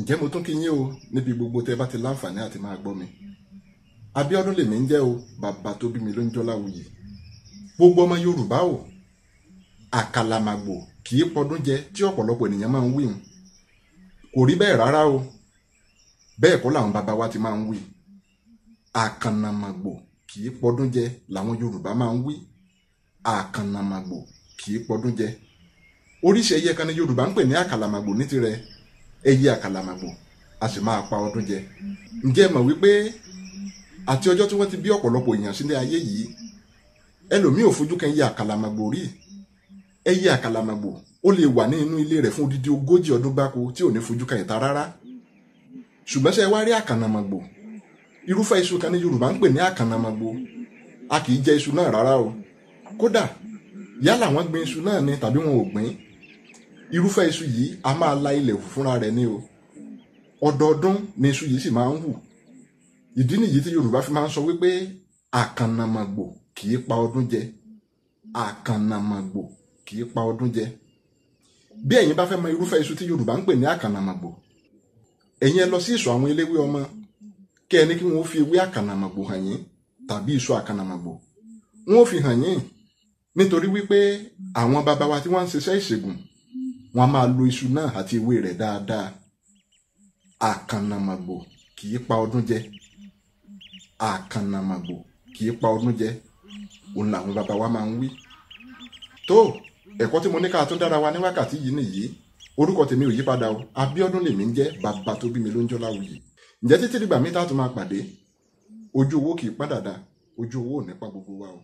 ǹjẹ́ mo tún kí yín o níbi gbogbo tẹ́ bá ti láǹfààní àti máa gbọ́ mi Abíọ́dún lèmi ń jẹ́ o bàbá tó bí mi ló ń jọ́ Láwuyì gbogbo ọmọ Yorùbá o àkàlàmàgbò kì í pọdún jẹ tí ọ̀pọ̀lọpọ̀ ènìyàn máa ń wí hùn kò rí bẹ́ẹ̀ rárá o bẹ́ẹ̀ kọ́ làwọn bàbá wa ti máa ń wí àkànnàmàgbò kì í pọdún jẹ làwọn Yorùbá máa ń wí àkànnàmàgbò kì í pọdún jẹ oríṣi ẹyẹ kan ni Yorùbá ń pè ní àkàlàmàgbò ní tirẹ̀ eyi àkàlàmàgbò a sì máa pa ọdún jẹ ǹjẹ́ ẹ mọ̀ wípé àti ọjọ́ tí wọ́n ti bí ọ̀pọ̀lọpọ̀ èèyàn sílé ayé yìí ẹlòmíì ò fojú kan ẹyẹ àkàlàmàgbò rí eyi àkàlàmàgbò ó lè wà ní inú ilé rẹ̀ fún odidi ogójì ọdún gbáko tí ò ní fojú kan ìta rárá ṣùgbọ́n ṣe wá rí àkànàmàgbò irúfẹ́ iṣu kan ní Yorùbá ń pè ní a kì í jẹ iṣu gbin iṣu náà ni tàbí wọn ò gbin irúfẹ́ iṣu yìí a máa la ilẹ̀ hù fúnra rẹ̀ ni o ọdọọdún ni iṣu yìí sì máa ń hù ìdí nìyí tí Yorùbá fi máa ń sọ wípé àkànnàmọ̀gbò kì í pa ọdún jẹ àkànnàmọ̀gbò kì í pa ọdún jẹ bí ẹ̀yin bá fẹ́ mọ irúfẹ́ iṣu tí Yorùbá ń pè ní àkànnàmọ̀gbò ẹ̀yin ẹ lọ sí ìsọ̀ àwọn eléwé ọmọ kí ẹni kí wọ́n fi ewé àkànnàmọ̀gbò hàn yín tàbí iṣu àkànnàmọ̀gbò wọ́n fi hàn yín nítorí wípé àwọn baba wa tí wọ́n ń ṣiṣẹ́ ìṣègùn wọ́n máa lo iṣu náà àti ewé rẹ̀ dáadáa àkànnàmàgbò kì í pa ọdún jẹ àkànnàmàgbò kì í pa ọdún jẹ òun làwọn bàbá wa máa ń wí. tó ẹ̀kọ́ tí mo ní ká tún dára wa ní wákàtí yìí nìyí orúkọ tèmi ò yípadà o Abíọ́dún lèmi ń jẹ́ bàbá tó bí mi ló ń jọlá òye ǹjẹ́ títí dìgbà mi tá tún máa pàdé ojú owó kì í pá dàda ojú owó ò ní pa gbogbo wa o